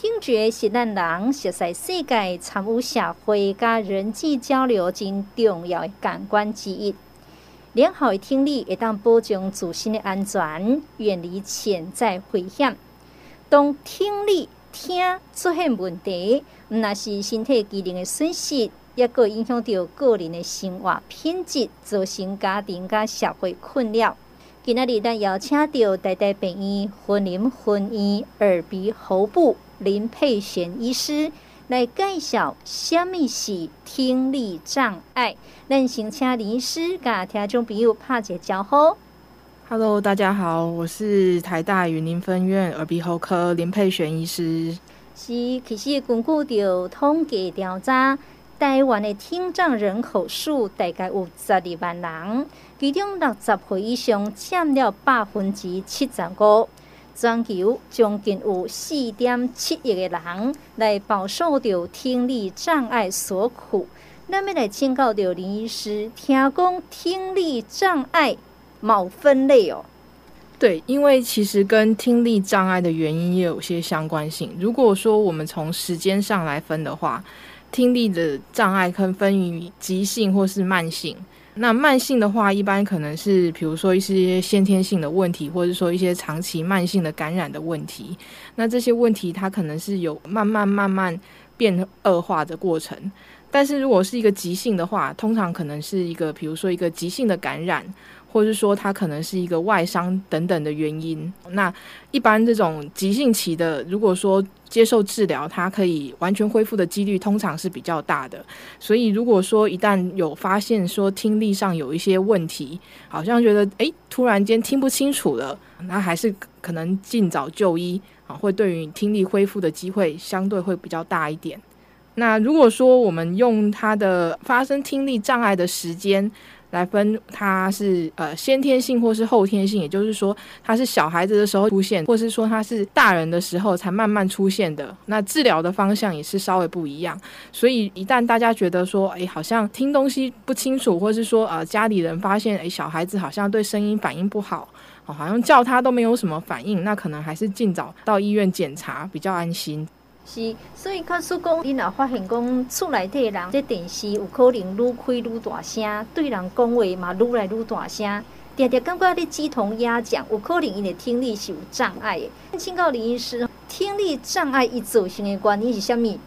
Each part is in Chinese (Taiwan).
聽覺是咱人熟悉世界、參與社會、甲人際交流真重要的感官之一。良好的聽力會當保障自身的安全，遠離潛在危險。當聽力聽出現問題，毋但是身體機能的損失，抑閣影響到個人的生活品質、造成家庭、甲社會困擾。今仔日咱邀請到台大病院、雲林分院、耳鼻喉部，林佩璇醫師來介紹蝦米是聽力障礙。恁先請林醫師甲聽眾朋友拍一個招呼。哈嘍，大家好，我是台大雲林分院耳鼻喉科林佩璇醫師。是，其實根據統計調查，台灣的聽障人口數大概有十二萬人，其中六十歲以上占了百分之七十五。全球將近有四點七億個人來飽受着聽力障礙所苦。那麼來請教，林醫師，聽講聽力障礙沒分類哦？對，因為其實跟聽力障礙的原因也有些相關性。如果說我們從時間上來分的話，聽力的障礙可能分於急性或是慢性。那慢性的話，一般可能是比如說一些先天性的問題，或者說一些長期慢性的感染的問題。那這些問題它可能是有慢慢慢慢變惡化的過程。但是如果是一個急性的話，通常可能是一個比如說一個急性的感染。或者是說它可能是一個外傷等等的原因，那一般這種急性期的，如果說接受治療，它可以完全恢復的幾率通常是比較大的。所以如果說一旦有發現說聽力上有一些問題，好像覺得哎突然間聽不清楚了，那還是可能盡早就醫啊，會對於聽力恢復的機會相對會比較大一點。那如果說我們用它的發生聽力障礙的時間來分，它是呃先天性或是後天性，也就是說它是小孩子的時候出現，或是說它是大人的時候才慢慢出現的。那治療的方向也是稍微不一樣。所以一旦大家覺得說，誒好像聽東西不清楚，或是說呃家裡人發現，誒小孩子好像對聲音反應不好，哦，好像叫他都沒有什麼反應，那可能還是盡早到醫院檢查比較安心。是，所以，假使講，你若發現講，厝內底人，這電視有可能愈開愈大聲，對人講話嘛愈來愈大聲，常常感覺你雞同鴨講，有可能伊的聽力是有障礙的。請教林醫師，聽力障礙一造成的原因是啥咪？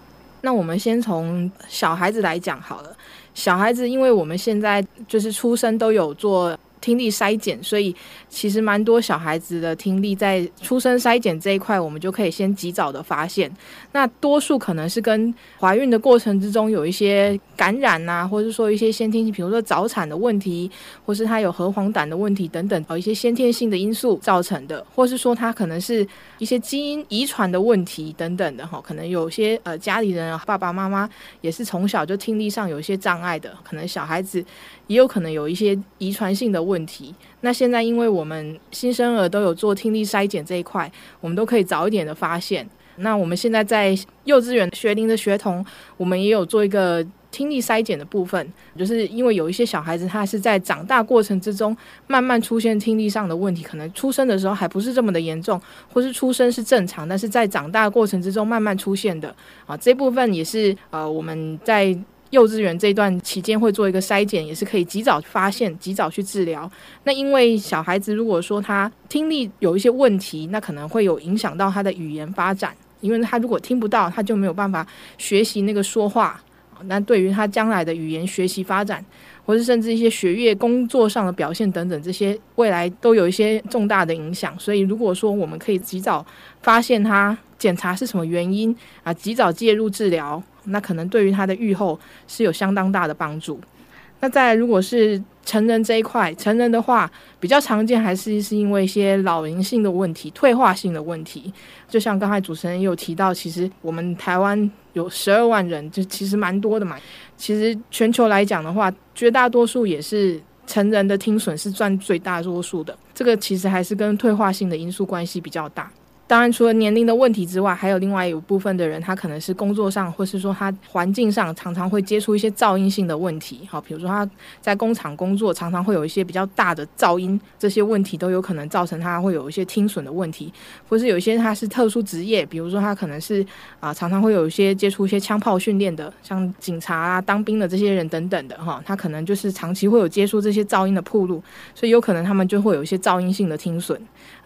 那我們先從小孩子來講好了。小孩子，因為我們現在就是出生都有做聽力篩檢，所以。其實蠻多小孩子的聽力在出生篩檢這一塊，我們就可以先及早的發現。那多數可能是跟懷孕的過程之中有一些感染啊，或者說一些先天性，比如說早產的問題，或是他有核黃疸的問題等等，哦，一些先天性的因素造成的，或是說他可能是一些基因遺傳的問題等等的哈。可能有些呃家裡人啊爸爸媽媽也是從小就聽力上有一些障礙的，可能小孩子也有可能有一些遺傳性的問題。那現在，因為我們新生兒都有做聽力篩檢這一塊，我們都可以早一點的發現。那我們現在在幼稚園學齡的學童，我們也有做一個聽力篩檢的部分，就是因為有一些小孩子他是在長大過程之中慢慢出現聽力上的問題，可能出生的時候還不是這麼的嚴重，或是出生是正常，但是在長大過程之中慢慢出現的啊，這部分也是呃我們在。幼稚園這段期間會做一個篩檢，也是可以及早發現、及早去治療。那因為小孩子如果說他聽力有一些問題，那可能會有影響到他的語言發展，因為他如果聽不到，他就沒有辦法學習那個說話。那對於他將來的語言學習發展，或是甚至一些學業、工作上的表現等等，這些未來都有一些重大的影響。所以，如果說我們可以及早發現他檢查是什麼原因啊，及早介入治療。那可能對於他的預後是有相當大的幫助。那再如果是成人這一塊，成人的話比較常見，還是是因為一些老年性的問題、退化性的問題。就像剛才主持人也有提到，其實我們台灣有十二萬人，就其實蠻多的嘛。其實全球來講的話，絕大多數也是成人的聽損是佔最大多數的。這個其實還是跟退化性的因素關係比較大。當然，除了年齡的問題之外，還有另外一部分的人，他可能是工作上，或是說他環境上，常常會接觸一些噪音性的問題。好，比如說他在工廠工作，常常會有一些比較大的噪音，這些問題都有可能造成他會有一些聽損的問題，或是有一些他是特殊職業，比如說他可能是啊，常常會有一些接觸一些槍炮訓練的，像警察啊、當兵的這些人等等的哈，他可能就是長期會有接觸這些噪音的暴露，所以有可能他們就會有一些噪音性的聽損。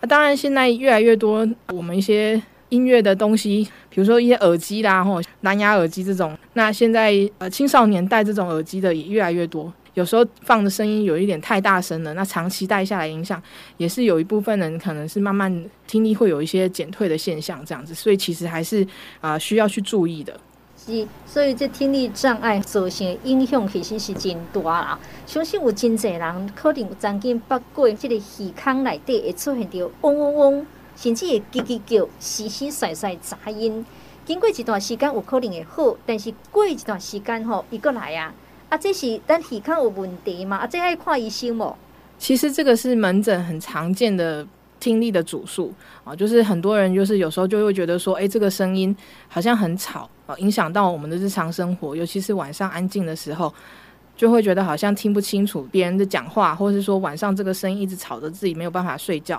那、啊、當然，現在越來越多。我們一些音樂的東西，比如說一些耳機啦，或藍牙耳機這種。那現在呃青少年戴這種耳機的也越來越多，有時候放的聲音有一點太大聲了。那長期戴下來影響，也是有一部分人可能是慢慢聽力會有一些減退的現象，這樣子。所以其實還是啊、呃、需要去注意的。是，所以這聽力障礙造成的影響其實是真大啦。相信有真儕人可能有曾經把過這個耳腔內底也出現到嗡嗡嗡。甚至嘰嘰叫、嘻嘻曬曬雜音，經過一段時間有可能會好，但是過一段時間吼、哦、又過來呀。啊，這是等健康有問題嘛？啊，這是要看醫生嘛？其實這個是門診很常見的聽力的主訴啊，就是很多人就是有時候就會覺得說，哎、欸，這個聲音好像很吵啊，影響到我們的日常生活，尤其是晚上安靜的時候。就會覺得好像聽不清楚別人的講話，或是說晚上這個聲音一直吵着自己沒有辦法睡覺，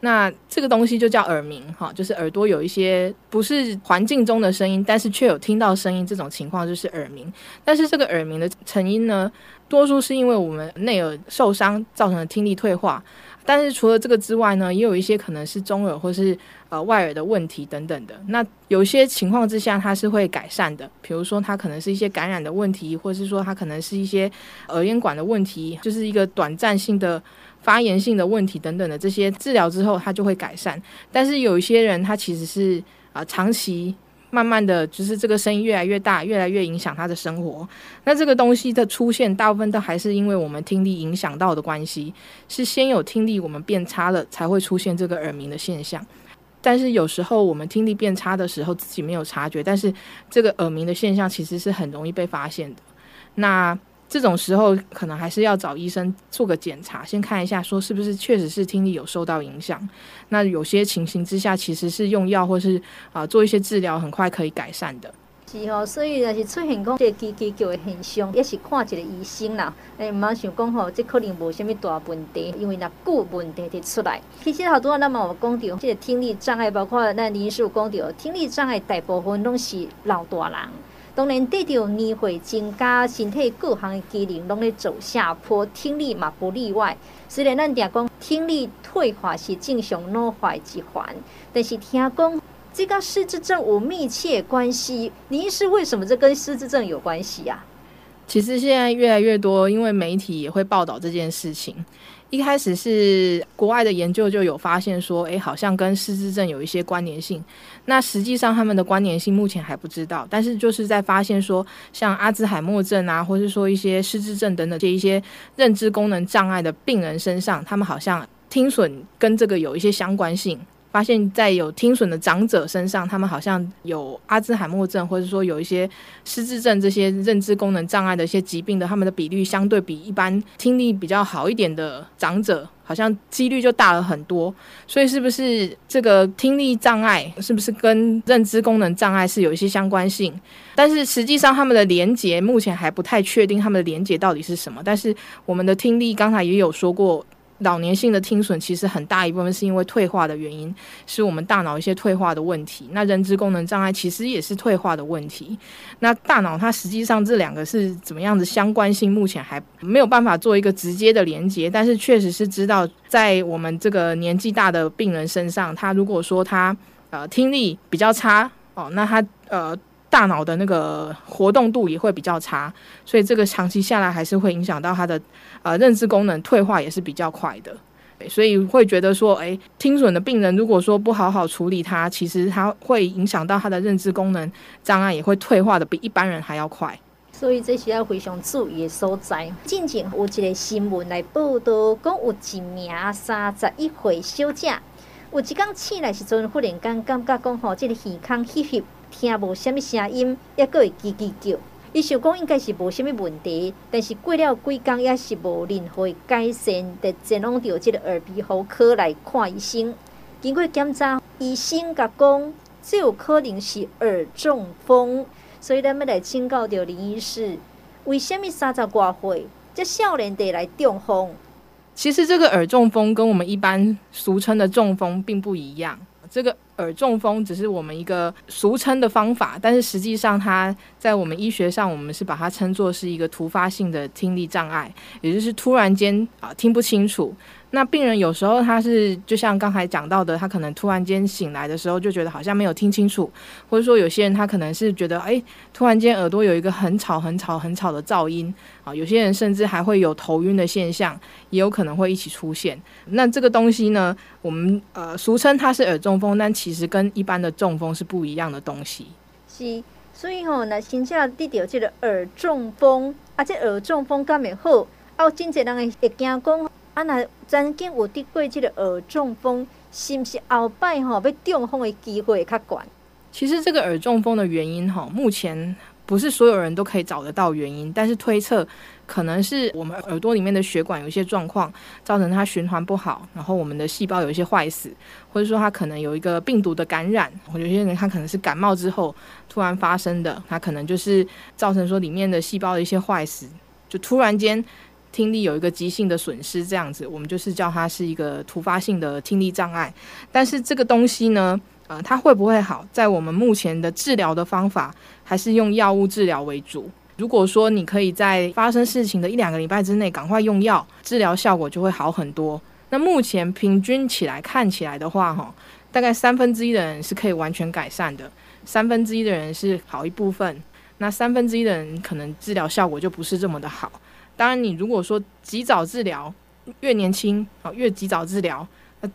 那這個東西就叫耳鳴哈，就是耳朵有一些不是環境中的聲音，但是卻有聽到聲音這種情況就是耳鳴。但是這個耳鳴的成因呢，多數是因為我們內耳受傷造成的聽力退化。但是除了這個之外呢，也有一些可能是中耳或是呃外耳的問題等等的。那有些情況之下它是會改善的，比如說它可能是一些感染的問題，或者是說它可能是一些耳咽管的問題，就是一個短暫性的發炎性的問題等等的。這些治療之後它就會改善。但是有一些人他其實是啊、呃、長期。慢慢的就是這個聲音越來越大，越來越影響他的生活。那這個東西的出現，大部分都還是因為我們聽力影響到的關係，是先有聽力我們變差了，才會出現這個耳鳴的現象。但是有時候我們聽力變差的時候，自己沒有察覺，但是這個耳鳴的現象其實是很容易被發現的。那這種時候可能還是要找醫生做個檢查，先看一下說是不是確實是聽力有受到影響。那有些情形之下其實是用藥或是啊做一些治療，很快可以改善的。是哦，所以也是出現講這唧唧叫很凶，也是看一個醫生啦。哎，唔想講吼，這可能無什麼大問題，因為那固問題的出來。其實好多到，那麼我講的這個聽力障礙，包括那臨時有講的聽力障礙，大部分都是老大人。當然，隨着年歲增加，身體各項機能攏在走下坡，聽力嘛不例外。雖然咱聽講聽力退化是正常老化之環，但是聽講這個失智症有密切關係。您是為什麼這跟失智症有關係啊？其實現在越來越多，因為媒體也會報道這件事情。一開始是國外的研究就有發現說，哎，好像跟失智症有一些關聯性。那實際上他們的關聯性目前還不知道，但是就是在發現說，像阿茲海默症啊，或是說一些失智症等等這一些認知功能障礙的病人身上，他們好像聽損跟這個有一些相關性。發現在有聽損的長者身上，他們好像有阿茲海默症，或者說有一些失智症，這些認知功能障礙的一些疾病的，他們的比率相對比一般聽力比較好一點的長者，好像幾率就大了很多。所以是不是這個聽力障礙是不是跟認知功能障礙是有一些相關性？但是實際上他們的連結目前還不太確定，他們的連結到底是什麼？但是我們的聽力剛才也有說過。老年性的聽損其實很大一部分是因為退化的原因，是我們大腦一些退化的問題。那認知功能障礙其實也是退化的問題。那大腦它實際上這兩個是怎麼樣子相關性，目前還沒有辦法做一個直接的連接。但是確實是知道，在我們這個年紀大的病人身上，他如果說他呃聽力比較差哦，那他呃。大腦的那個活動度也會比較差，所以這個長期下來還是會影響到他的呃認知功能退化也是比較快的，所以會覺得說，誒，聽損的病人如果說不好好處理他，其實他會影響到他的認知功能障礙也會退化得比一般人還要快。所以這需要非常注意的所在。最近有一個新聞來報道，講有一名三十一歲休假。有一天起來時陣忽然間感覺講吼、哦，這個耳康義義聽無啥物聲音，猶閣會吱吱叫。伊想講應該是無啥物問題，但是過了幾工也是無任何改善，就只能到即個耳鼻喉科來看醫生。經過檢查，醫生甲講，最有可能是耳中風，所以咱要來請教着林醫師。為啥物三十外歲，這少年得來中風？其實這個耳中風跟我們一般俗稱的中風並不一樣，這個。耳中風只是我們一個俗稱的方法，但是實際上它在我們醫學上，我們是把它稱作是一個突發性的聽力障礙，也就是突然間啊、呃、聽不清楚。那病人有時候他是就像剛才講到的，他可能突然間醒來的時候就覺得好像沒有聽清楚，或者說有些人他可能是覺得哎突然間耳朵有一個很吵很吵很吵的噪音啊、呃，有些人甚至還會有頭暈的現象，也有可能會一起出現。那這個東西呢，我們呃俗稱它是耳中風，但其其實跟一般的中風是不一樣的東西，是，所以吼，那新加的第六季的耳中風，啊，且耳中風干袂好，啊，有真儕人會會驚講，啊，那曾經有得過這個耳中風，是毋是後擺吼要中風的機會會較懸？其實這個耳中風的原因吼，目前不是所有人都可以找得到原因，但是推測。可能是我們耳朵裡面的血管有一些狀況，造成它循環不好，然後我們的細胞有一些壞死，或者說它可能有一個病毒的感染。或者有些人他可能是感冒之後突然發生的，他可能就是造成說裡面的細胞的一些壞死，就突然間聽力有一個急性的損失，這樣子我們就是叫它是一個突發性的聽力障礙。但是這個東西呢，呃，它會不會好？在我們目前的治療的方法，還是用藥物治療為主。如果說你可以在發生事情的一兩個禮拜之內趕快用藥，治療效果就會好很多。那目前平均起來看起來的話，哈，大概三分之一的人是可以完全改善的，三分之一的人是好一部分，那三分之一的人可能治療效果就不是這麼的好。當然，你如果說及早治療，越年輕越及早治療。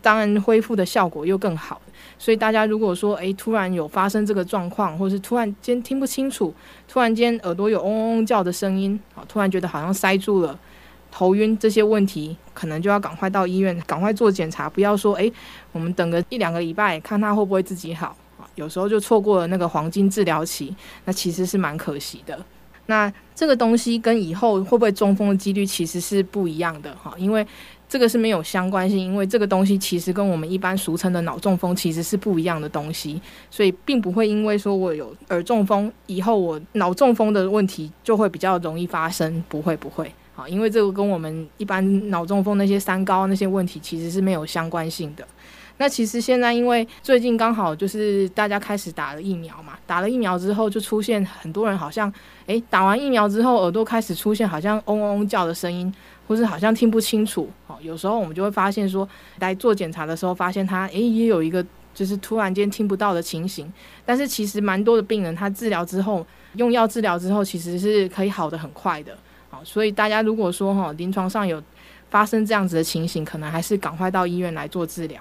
當然，恢復的效果又更好。所以大家如果說，哎，突然有發生這個狀況，或是突然間聽不清楚，突然間耳朵有嗡嗡叫的聲音，啊，突然覺得好像塞住了，頭暈這些問題，可能就要趕快到醫院，趕快做檢查，不要說，哎，我們等個一兩個禮拜，看他會不會自己好啊。有時候就錯過了那個黃金治療期，那其實是蠻可惜的。那這個東西跟以後會不會中風的幾率其實是不一樣的哈，因為。這個是沒有相關性，因為這個東西其實跟我們一般俗稱的腦中風其實是不一樣的東西，所以並不會因為說我有耳中風，以後我腦中風的問題就會比較容易發生，不會不會，啊，因為這個跟我們一般腦中風那些三高那些問題其實是沒有相關性的。那其實現在因為最近剛好就是大家開始打了疫苗嘛，打了疫苗之後就出現很多人好像，哎，打完疫苗之後耳朵開始出現好像嗡嗡嗡叫的聲音。或是好像聽不清楚，哦，有時候我們就會發現說，來做檢查的時候發現他，誒也有一個就是突然間聽不到的情形。但是其實蠻多的病人，他治療之後，用藥治療之後，其實是可以好的很快的，好，所以大家如果說哈，臨床上有發生這樣子的情形，可能還是趕快到醫院來做治療。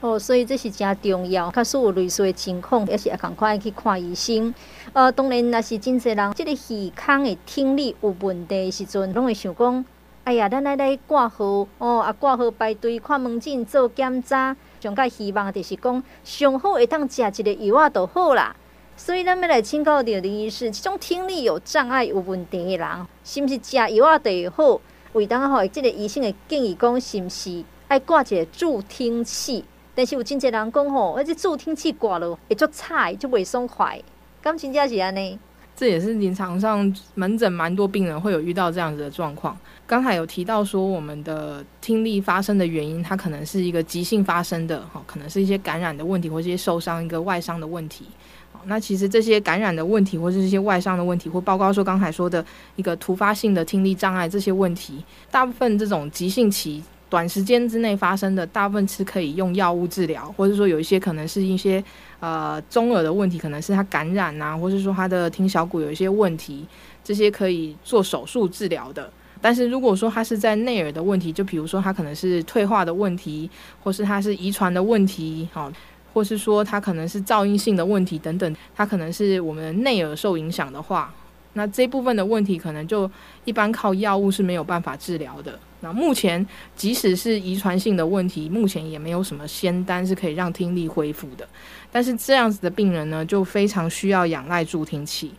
哦，所以這是真重要，假使我類似的情況，也是趕快要去看醫生。呃，當然那是真濟人，這個耳康的聽力有問題的時陣，都會想講。哎呀，咱來來掛號，哦，啊掛號排隊看門診做檢查，上較希望就是講上好會當食一個藥啊著好啦。所以咱要來請教着林醫生，即種聽力有障礙有問題的人，是毋是食藥啊著會好？為當吼即個醫生會建議講，是毋是愛掛一個助聽器？但是有真儕人講吼、哦，而、這、且、個、助聽器掛了會足吵，足袂爽快。感情儕是安尼。這也是臨床上門診蠻多病人會有遇到這樣子的狀況。剛才有提到說，我們的聽力發生的原因，它可能是一個急性發生的，哈，可能是一些感染的問題，或者一些受傷一個外傷的問題。好，那其實這些感染的問題，或者一些外傷的問題，或包括說剛才說的一個突發性的聽力障礙這些問題，大部分這種急性期。短時間之內發生的，大部分是可以用藥物治療，或者說有一些可能是一些呃中耳的問題，可能是它感染吶、啊，或者是說它的聽小骨有一些問題，這些可以做手術治療的。但是如果說它是在內耳的問題，就比如說它可能是退化的問題，或是它是遺傳的問題，好、哦，或是說它可能是噪音性的問題等等，它可能是我們內耳受影響的話。那這部分的問題可能就一般靠藥物是沒有辦法治療的。那目前，即使是遺傳性的問題，目前也沒有什麼仙丹是可以讓聽力恢復的。但是這樣子的病人呢，就非常需要仰賴助聽器。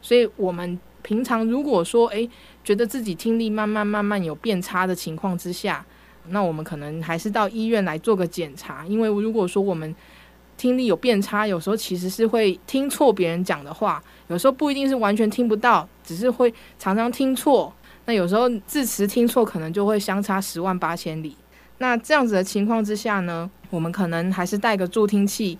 所以，我們平常如果說，哎、欸，覺得自己聽力慢慢慢慢有變差的情況之下，那我們可能還是到醫院來做個檢查。因為如果說我們聽力有變差，有時候其實是會聽錯別人講的話。有時候不一定是完全聽不到，只是會常常聽錯。那有時候字詞聽錯，可能就會相差十萬八千里。那這樣子的情況之下呢，我們可能還是戴個助聽器，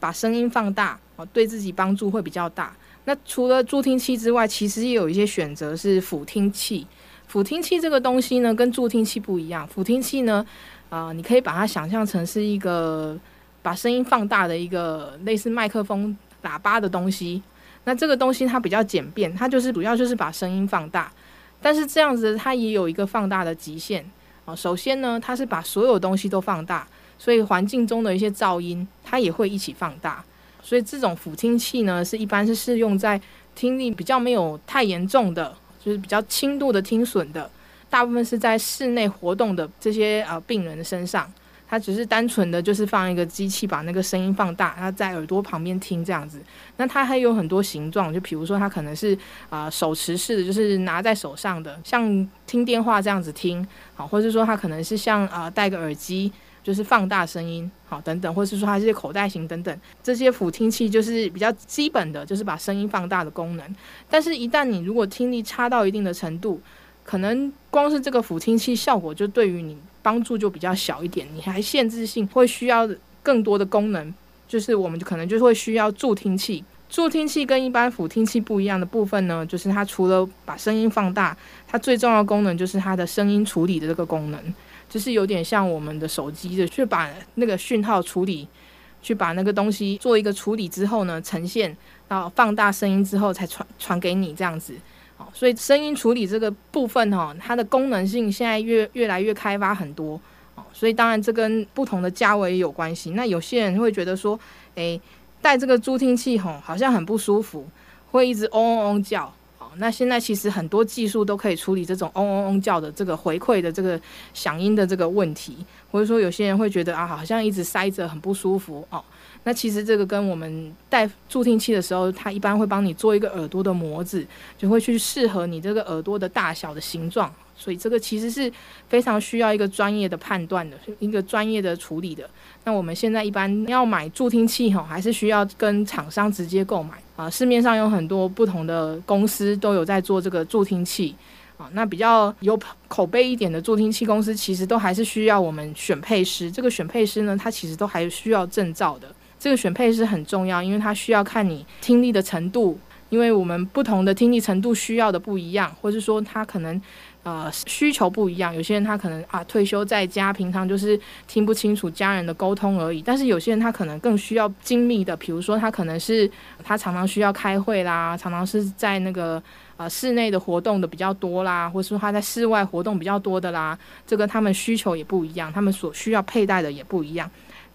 把聲音放大，對自己幫助會比較大。那除了助聽器之外，其實也有一些選擇是輔聽器。輔聽器這個東西呢，跟助聽器不一樣。輔聽器呢，啊、呃，你可以把它想象成是一個把聲音放大的一個類似麥克風喇叭的東西。那這個東西它比較簡便，它就是主要就是把聲音放大，但是這樣子它也有一個放大的極限啊。首先呢，它是把所有東西都放大，所以環境中的一些噪音它也會一起放大。所以這種輔聽器呢，是一般是適用在聽力比較沒有太嚴重的，就是比較輕度的聽損的，大部分是在室內活動的這些呃病人身上。它只是單純的就是放一個機器把那個聲音放大，它在耳朵旁邊聽這樣子。那它還有很多形狀，就比如說它可能是啊、呃、手持式的，就是拿在手上的，像聽電話這樣子聽，好，或者說它可能是像啊戴、呃、個耳機，就是放大聲音，好，等等，或者是說它是口袋型等等。這些輔聽器就是比較基本的，就是把聲音放大的功能。但是，一旦你如果聽力差到一定的程度，可能光是這個輔聽器效果就對於你。幫助就比較小一點，你還限制性會需要更多的功能，就是我們就可能就會需要助聽器。助聽器跟一般輔聽器不一樣的部分呢，就是它除了把聲音放大，它最重要的功能就是它的聲音處理的這個功能，就是有點像我們的手機的，去把那個訊號處理，去把那個東西做一個處理之後呢，呈現，然後放大聲音之後才傳傳給你這樣子。所以聲音處理這個部分哈、哦，它的功能性現在越越來越開發很多哦。所以當然這跟不同的價位也有關係。那有些人會覺得說，誒、欸，戴這個助聽器吼、哦、好像很不舒服，會一直嗡嗡嗡叫哦。那現在其實很多技術都可以處理這種嗡嗡嗡叫的這個回饋的這個響應的這個問題，或者說有些人會覺得啊，好像一直塞着很不舒服哦。那其實這個跟我們戴助聽器的時候，它一般會幫你做一個耳朵的模子，就會去適合你這個耳朵的大小的形狀，所以這個其實是非常需要一個專業的判斷的，一個專業的處理的。那我們現在一般要買助聽器吼，還是需要跟廠商直接購買啊。市面上有很多不同的公司都有在做這個助聽器啊，那比較有口碑一點的助聽器公司，其實都還是需要我們選配師。這個選配師呢，他其實都還是需要證照的。這個選配是很重要，因為它需要看你聽力的程度，因為我們不同的聽力程度需要的不一樣，或是說他可能，呃，需求不一樣。有些人他可能啊退休在家，平常就是聽不清楚家人的溝通而已；但是有些人他可能更需要精密的，比如說他可能是他常常需要開會啦，常常是在那個呃室內的活動的比較多啦，或是說他在室外活動比較多的啦，這個他們需求也不一樣，他們所需要佩戴的也不一樣。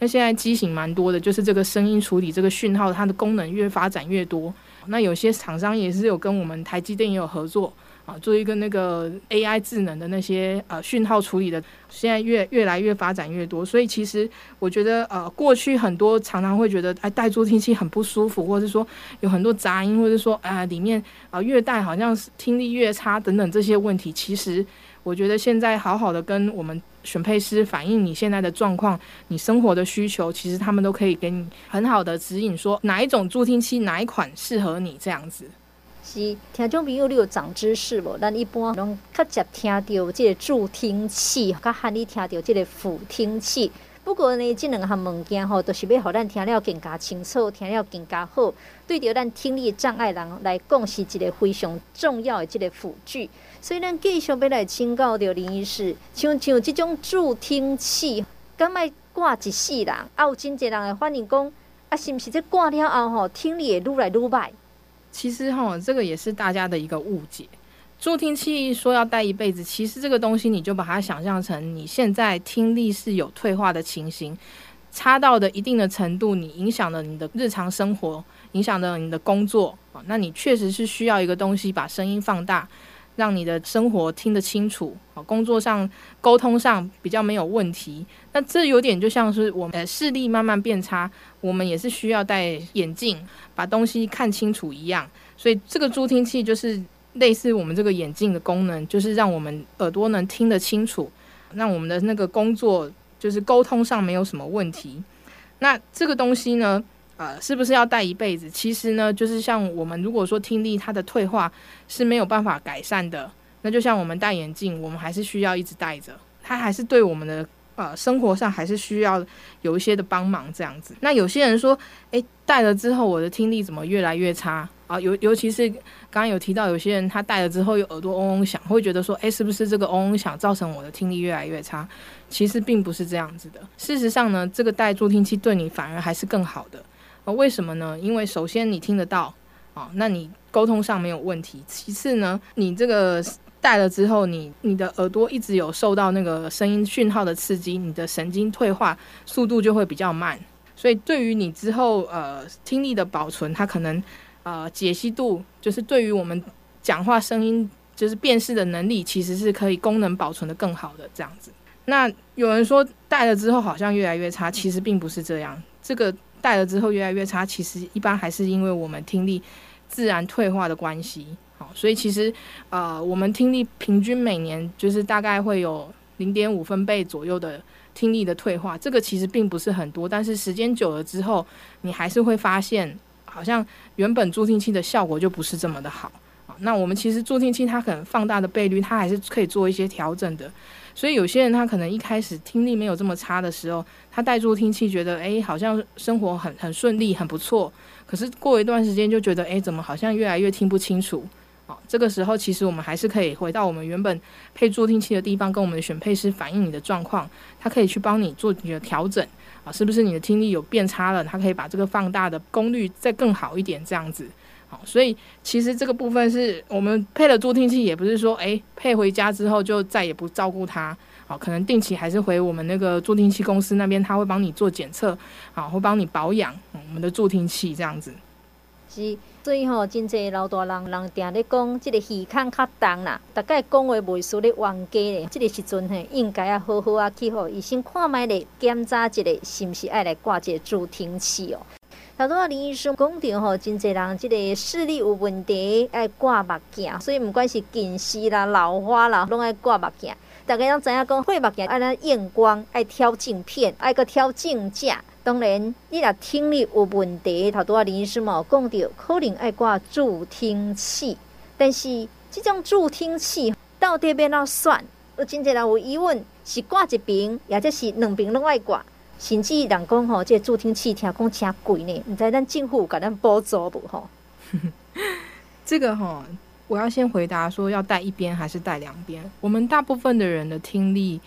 那現在機型蠻多的，就是這個聲音處理、這個訊號，它的功能越發展越多。那有些廠商也是有跟我們台積電也有合作。啊，做一個那個 AI 智能的那些呃訊號處理的，現在越越來越發展越多，所以其實我覺得呃過去很多常常會覺得哎戴助聽器很不舒服，或者是說有很多雜音，或者是說啊、呃、裡面啊、呃、越戴好像是聽力越差等等這些問題，其實我覺得現在好好的跟我們選配師反映你現在的狀況，你生活的需求，其實他們都可以給你很好的指引說，說哪一種助聽器哪一款適合你這樣子。是聽眾朋友，你有長知識無？咱一般攏較接聽到即個助聽器，較罕伊聽着即個輔聽器。不過呢，即兩項物件吼，都是要互咱聽了更加清楚，聽了更加好。對着咱聽力障礙人來講，是一個非常重要的即個輔具。所以咱繼續要來請教着林醫師，像像即種助聽器，敢愛掛一世人，也有真濟人會反映講，啊是毋是這掛了後吼，聽力會愈來愈歹。其實哈、哦，這個也是大家的一個誤解。助聽器說要戴一輩子，其實這個東西你就把它想象成你現在聽力是有退化的情形，差到的一定的程度，你影響了你的日常生活，影響了你的工作，那你確實是需要一個東西把聲音放大。讓你的生活聽得清楚，工作上溝通上比較沒有問題。那這有點就像是我們的視力慢慢變差，我們也是需要戴眼鏡把東西看清楚一樣。所以這個助聽器就是類似我們這個眼鏡的功能，就是讓我們耳朵能聽得清楚，讓我們的那個工作就是溝通上沒有什麼問題。那這個東西呢？呃，是不是要戴一輩子？其實呢，就是像我們如果說聽力它的退化是沒有辦法改善的，那就像我們戴眼鏡，我們還是需要一直戴着，它還是對我們的呃生活上還是需要有一些的幫忙這樣子。那有些人說，誒，戴了之後我的聽力怎麼越來越差啊？尤、呃、尤其是剛剛有提到有些人他戴了之後又耳朵嗡嗡響，會覺得說，誒，是不是這個嗡嗡響造成我的聽力越來越差？其實並不是這樣子的。事實上呢，這個戴助聽器對你反而還是更好的。為什麼呢？因為首先你聽得到，啊、哦，那你溝通上沒有問題。其次呢，你這個戴了之後你，你你的耳朵一直有受到那個聲音訊號的刺激，你的神經退化速度就會比較慢。所以對於你之後呃聽力的保存，它可能呃解析度就是對於我們講話聲音就是辨識的能力，其實是可以功能保存得更好的這樣子。那有人說戴了之後好像越來越差，其實並不是這樣，這個。戴了之後越來越差，其實一般還是因為我們聽力自然退化的關係。好，所以其實呃，我們聽力平均每年就是大概會有零點五分貝左右的聽力的退化，這個其實並不是很多，但是時間久了之後，你還是會發現好像原本助聽器的效果就不是這麼的好。好，那我們其實助聽器它可能放大的倍率，它還是可以做一些調整的。所以有些人他可能一開始聽力沒有這麼差的時候，他戴助聽器覺得誒、欸，好像生活很很順利很不錯，可是過一段時間就覺得誒、欸，怎麼好像越來越聽不清楚？啊、哦，這個時候其實我們還是可以回到我們原本配助聽器的地方，跟我們的選配師反映你的狀況，他可以去幫你做你的調整啊、哦，是不是你的聽力有變差了？他可以把這個放大的功率再更好一點，這樣子。所以其實這個部分是我們配了助聽器，也不是說哎、欸、配回家之後就再也不照顧他。好，可能定期還是回我們那個助聽器公司那邊，他會幫你做檢測，好，會幫你保養、嗯、我們的助聽器這樣子。是，所以吼、哦，真濟老大人人定咧講，這個耳康較重啦，大概講話袂輸咧冤家咧，這個時陣嘿，應該要好好啊去好醫生看買咧，檢查一下是不是愛來掛一個助聽器哦。頭拄啊！林醫生講到吼，真儕人即個視力有問題，愛掛目鏡，所以毋管是近視啦、老花啦，攏愛掛目鏡。逐家攏知影講，配目鏡愛按怎驗光，愛挑鏡片，愛閣挑鏡架。當然，你若聽力有問題，頭拄啊！林醫生嘛講到，可能愛掛助聽器，但是即種助聽器到底要按怎選？有真儕人有疑問，是掛一邊，或者是兩邊攏愛掛？甚至人講吼，這助聽器聽講真貴呢，你在那政府給咱補助不吼？這個吼、哦，我要先回答說，要帶一邊還是帶兩邊？我們大部分的人的聽力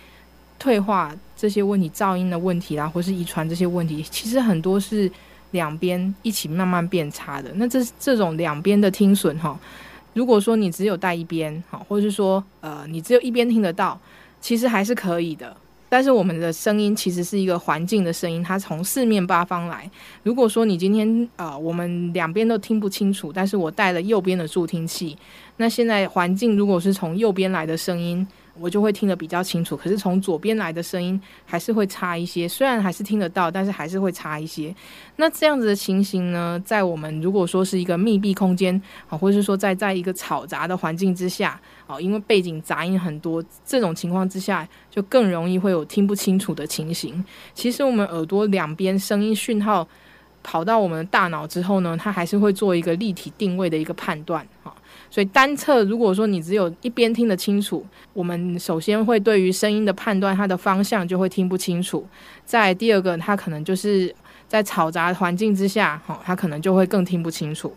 退化這些問題、噪音的問題啦、啊，或是遺傳這些問題，其實很多是兩邊一起慢慢變差的。那這這種兩邊的聽損吼、哦，如果說你只有帶一邊，好，或者是說呃，你只有一邊聽得到，其實還是可以的。但是我們的聲音其實是一個環境的聲音，它從四面八方來。如果說你今天啊、呃，我們兩邊都聽不清楚，但是我戴了右邊的助聽器，那現在環境如果是從右邊來的聲音。我就會聽得比較清楚，可是從左邊來的聲音還是會差一些，雖然還是聽得到，但是還是會差一些。那這樣子的情形呢，在我們如果說是一個密閉空間啊，或是說在在一個吵雜的環境之下啊，因為背景雜音很多，這種情況之下就更容易會有聽不清楚的情形。其實我們耳朵兩邊聲音訊號跑到我們的大腦之後呢，它還是會做一個立體定位的一個判斷。所以單側如果說你只有一邊聽得清楚，我們首先會對於聲音的判斷，它的方向就會聽不清楚。再第二個，它可能就是在嘈雜環境之下，哈、哦，它可能就會更聽不清楚。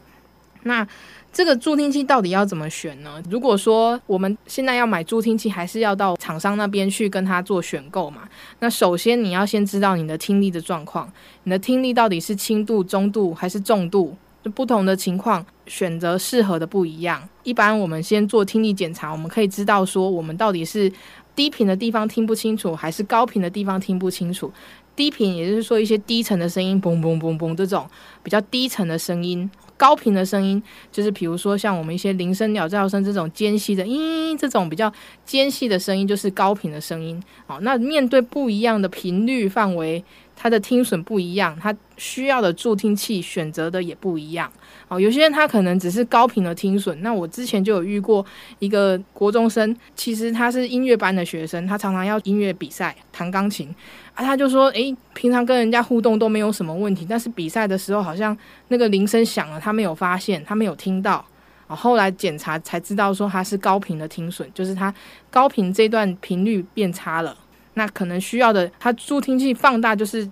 那這個助聽器到底要怎麼選呢？如果說我們現在要買助聽器，還是要到廠商那邊去跟他做選購嘛？那首先你要先知道你的聽力的狀況，你的聽力到底是輕度、中度還是重度？不同的情況，選擇適合的不一樣。一般我們先做聽力檢查，我們可以知道說我們到底是低頻的地方聽不清楚，還是高頻的地方聽不清楚。低頻也就是說一些低沉的聲音，嘣嘣嘣嘣嘣嘣這種比較低沉的聲音；高頻的聲音就是比如說像我們一些鈴聲、鳥叫聲這種尖細的，嚶嚶這種比較尖細的聲音，就是高頻的聲音。好，那面對不一樣的頻率範圍。他的聽損不一樣，他需要的助聽器選擇的也不一樣。哦，有些人他可能只是高頻的聽損。那我之前就有遇過一個國中生，其實他是音樂班的學生，他常常要音樂比賽彈鋼琴啊，他就說，哎、欸，平常跟人家互動都沒有什麼問題，但是比賽的時候好像那個鈴聲響了，他沒有發現，他沒有聽到。啊，後來檢查才知道說他是高頻的聽損，就是他高頻這段頻率變差了。那可能需要的，它助聽器放大就是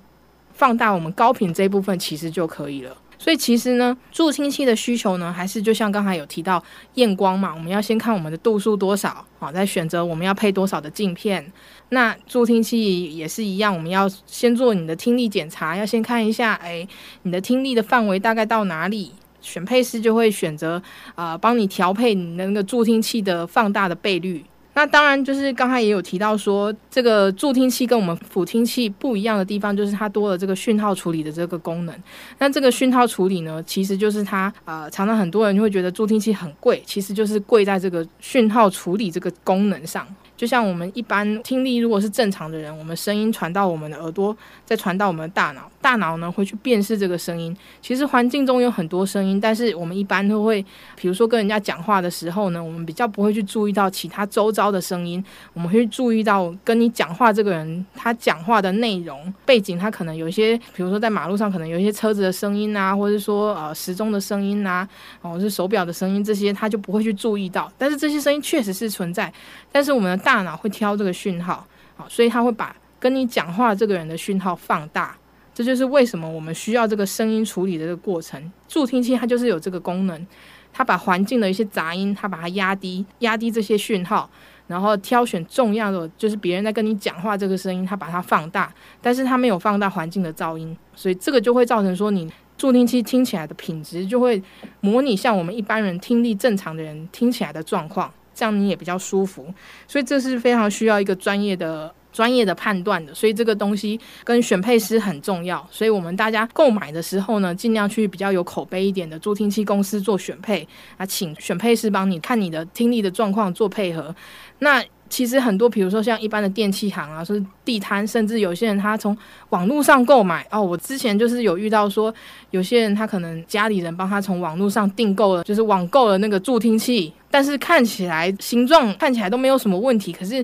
放大我們高頻這一部分，其實就可以了。所以其實呢，助聽器的需求呢，還是就像剛才有提到驗光嘛，我們要先看我們的度數多少啊，再選擇我們要配多少的鏡片。那助聽器也是一樣，我們要先做你的聽力檢查，要先看一下，誒，你的聽力的範圍大概到哪裡，選配師就會選擇啊，呃，幫你調配你那個助聽器的放大的倍率。那當然，就是剛才也有提到說，這個助聽器跟我們輔聽器不一樣的地方，就是它多了這個訊號處理的這個功能。那這個訊號處理呢，其實就是它呃，常常很多人就會覺得助聽器很貴，其實就是貴在這個訊號處理這個功能上。就像我們一般聽力如果是正常的人，我們聲音傳到我們的耳朵，再傳到我們的大腦，大腦呢會去辨識這個聲音。其實環境中有很多聲音，但是我們一般都會，比如說跟人家講話的時候呢，我們比較不會去注意到其他周遭的聲音，我們會注意到跟你講話這個人他講話的內容背景，他可能有一些，比如說在馬路上可能有一些車子的聲音啊，或者說呃時鐘的聲音啊，然後是手錶的聲音這些，他就不會去注意到。但是這些聲音確實是存在，但是我們。大腦會挑這個訊號，好，所以他會把跟你講話這個人的訊號放大。這就是為什麼我們需要這個聲音處理的這個過程。助聽器它就是有這個功能，它把環境的一些雜音，它把它壓低，壓低這些訊號，然後挑選重要的，就是別人在跟你講話這個聲音，它把它放大。但是它沒有放大環境的噪音，所以這個就會造成說你助聽器聽起來的品質就會模擬像我們一般人聽力正常的人聽起來的狀況。這樣你也比較舒服，所以這是非常需要一個專業的專業的判斷的，所以這個東西跟選配師很重要，所以我們大家購買的時候呢，儘量去比較有口碑一點的助聽器公司做選配啊，請選配師幫你看你的聽力的狀況做配合，那。其實很多，比如說像一般的電器行啊，說、就是、地攤，甚至有些人他從網絡上購買。哦，我之前就是有遇到說，有些人他可能家裡人幫他從網絡上訂購了，就是網購了那個助聽器，但是看起來形狀看起來都沒有什麼問題，可是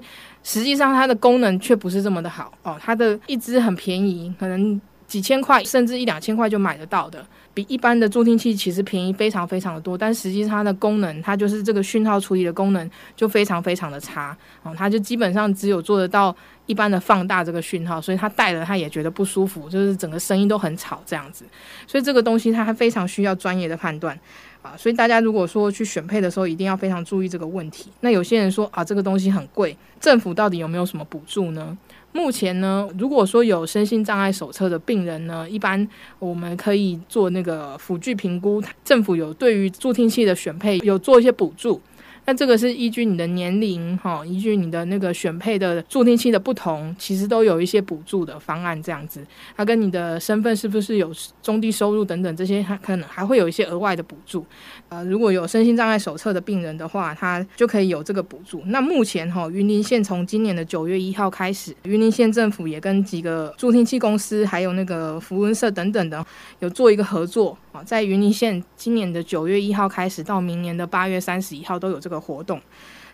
實際上它的功能卻不是這麼的好。哦，它的一支很便宜，可能幾千塊甚至一兩千塊就買得到的。比一般的助聽器其實便宜非常非常的多，但實際上它的功能，它就是這個訊號處理的功能就非常非常的差啊，哦，它就基本上只有做得到一般的放大這個訊號，所以它戴了它也覺得不舒服，就是整個聲音都很吵這樣子，所以這個東西它還非常需要專業的判斷啊，所以大家如果說去選配的時候，一定要非常注意這個問題。那有些人說啊，這個東西很貴，政府到底有沒有什麼補助呢？目前呢，如果說有身心障礙手冊的病人呢，一般我們可以做那個輔具評估，政府有對於助聽器的選配有做一些補助。那這個是依據你的年齡哈，依據你的那個選配的助聽器的不同，其實都有一些補助的方案這樣子。它、啊、跟你的身份是不是有中低收入等等這些，他可能還會有一些額外的補助。呃，如果有身心障礙手冊的病人的話，他就可以有這個補助。那目前哈，雲、哦、林縣從今年的九月一號開始，雲林縣政府也跟幾個助聽器公司，還有那個福務社等等的有做一個合作啊，在雲林縣今年的九月一號開始到明年的八月三十一號都有這個的活動，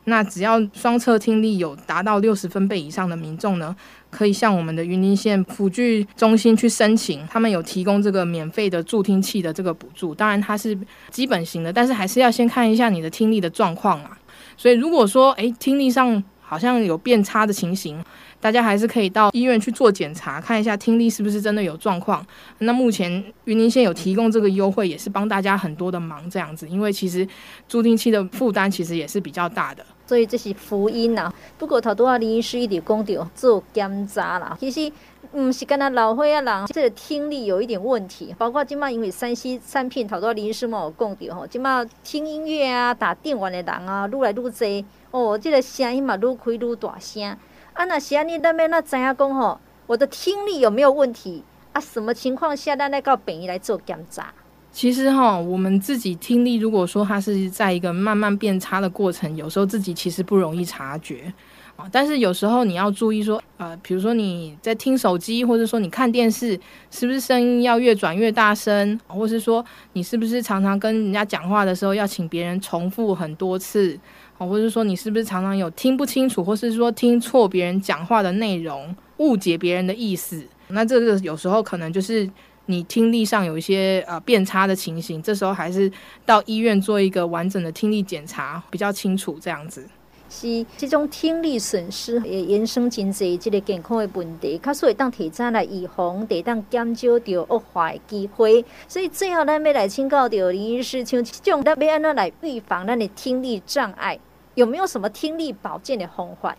那只要雙側聽力有達到六十分貝以上的民眾呢，可以向我們的雲林縣輔具中心去申請，他們有提供這個免費的助聽器的這個補助，當然它是基本型的，但是還是要先看一下你的聽力的狀況啊。所以如果說，誒、欸、聽力上，好像有變差的情形，大家還是可以到醫院去做檢查，看一下聽力是不是真的有狀況。那目前雲林縣有提供這個優惠，也是幫大家很多的忙這樣子，因為其實助聽器的負擔其實也是比較大的，所以這是福音吶、啊。不過頭拄仔林醫師一直講到做檢查啦，其實毋是干焦老歲仔人，就是這個聽力有一點問題，包括今嘛因為三 C 產品頭拄仔林醫師無講到吼，今嘛聽音樂啊、打電話的人啊，愈來愈濟哦，這個聲音嘛，越開越大聲。啊，若是按呢，咱要按怎知影講吼，我的聽力有沒有問題？啊，什麼情況下，咱那個便宜來做檢查？其實哈、哦，我們自己聽力如果說它是在一個慢慢變差的過程，有時候自己其實不容易察覺。但是有時候你要注意說，呃，比如說你在聽手機，或者說你看電視，是不是聲音要越轉越大聲，或是說你是不是常常跟人家講話的時候要請別人重複很多次，啊，或者是說你是不是常常有聽不清楚，或是說聽錯別人講話的內容，誤解別人的意思，那這個有時候可能就是你聽力上有一些呃變差的情形，這時候還是到醫院做一個完整的聽力檢查比較清楚，這樣子。是這種聽力損失也衍生真濟，這個健康的問題，它，所以當提早來預防，當減少着惡化的機會。所以最後咱未來請教着林醫師，像這種咱要安怎來預防咱的聽力障礙？有沒有什麼聽力保健的方法？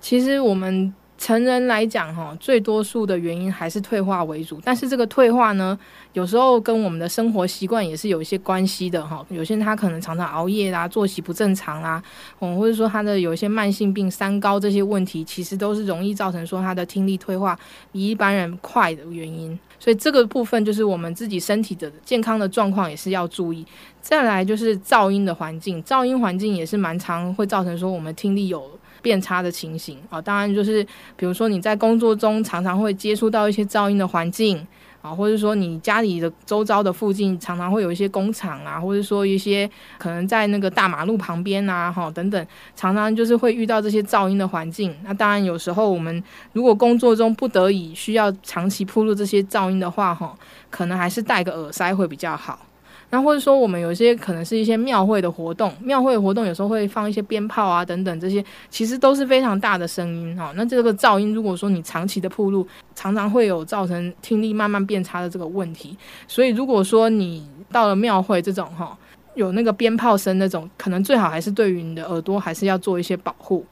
其實我們。成人來講，哈，最多數的原因還是退化為主。但是這個退化呢，有時候跟我們的生活習慣也是有一些關係的，哈。有些人他可能常常熬夜啦、啊，作息不正常啦，嗯，或者說他的有一些慢性病、三高這些問題，其實都是容易造成說他的聽力退化比一般人快的原因。所以這個部分就是我們自己身體的健康的狀況也是要注意。再來就是噪音的環境，噪音環境也是蠻常會造成說我們聽力有。變差的情形啊、哦，當然就是比如說你在工作中常常會接觸到一些噪音的環境啊、哦，或者說你家裡的周遭的附近常常會有一些工廠啊，或者說一些可能在那個大馬路旁邊啊，哈、哦、等等，常常就是會遇到這些噪音的環境。那當然有時候我們如果工作中不得已需要長期暴露這些噪音的話，哈、哦，可能還是戴個耳塞會比較好。那或者說我們有一些可能是一些廟會的活動，廟會的活動有時候會放一些鞭炮啊等等這些，其實都是非常大的聲音哈。那這個噪音如果說你長期的暴露，常常會有造成聽力慢慢變差的這個問題。所以如果說你到了廟會這種哈，有那個鞭炮聲那種，可能最好還是對於你的耳朵還是要做一些保護。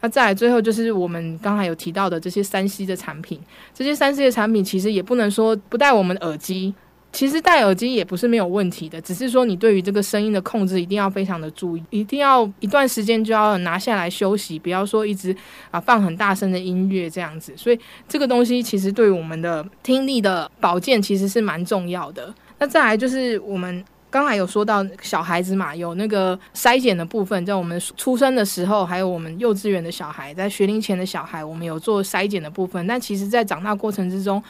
那再來最後就是我們剛才有提到的這些三 C 的產品，這些三 C 的產品其實也不能說不戴我們耳機。其實戴耳機也不是沒有問題的，只是說你對於這個聲音的控制一定要非常的注意，一定要一段時間就要拿下來休息，不要說一直啊放很大聲的音樂這樣子。所以這個東西其實對我們的聽力的保健其實是蠻重要的。那再來就是我們剛才有說到小孩子嘛，有那個篩檢的部分，在我們出生的時候，還有我們幼稚園的小孩，在學齡前的小孩，我們有做篩檢的部分。但其實，在長大過程之中，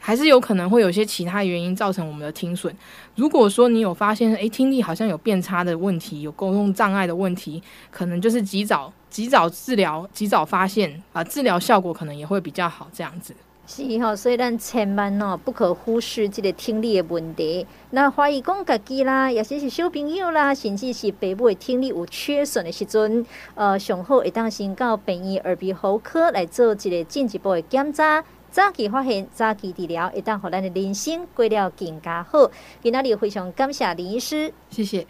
還是有可能會有些其他原因造成我們的聽損。如果說你有發現，哎，聽力好像有變差的問題，有溝通障礙的問題，可能就是及早、及早治療、及早發現啊、呃，治療效果可能也會比較好。這樣子是以、哦、所以咱千萬哦，不可忽視這個聽力的問題。那懷疑講家己啦，尤其是小朋友啦，甚至是父母的聽力有缺損的時陣，呃，上好會當先到病院耳鼻喉科來做一個進一步的檢查。早期發現，早期治療，一旦把咱的人生過了更加好。今天非常感謝林醫師，謝謝。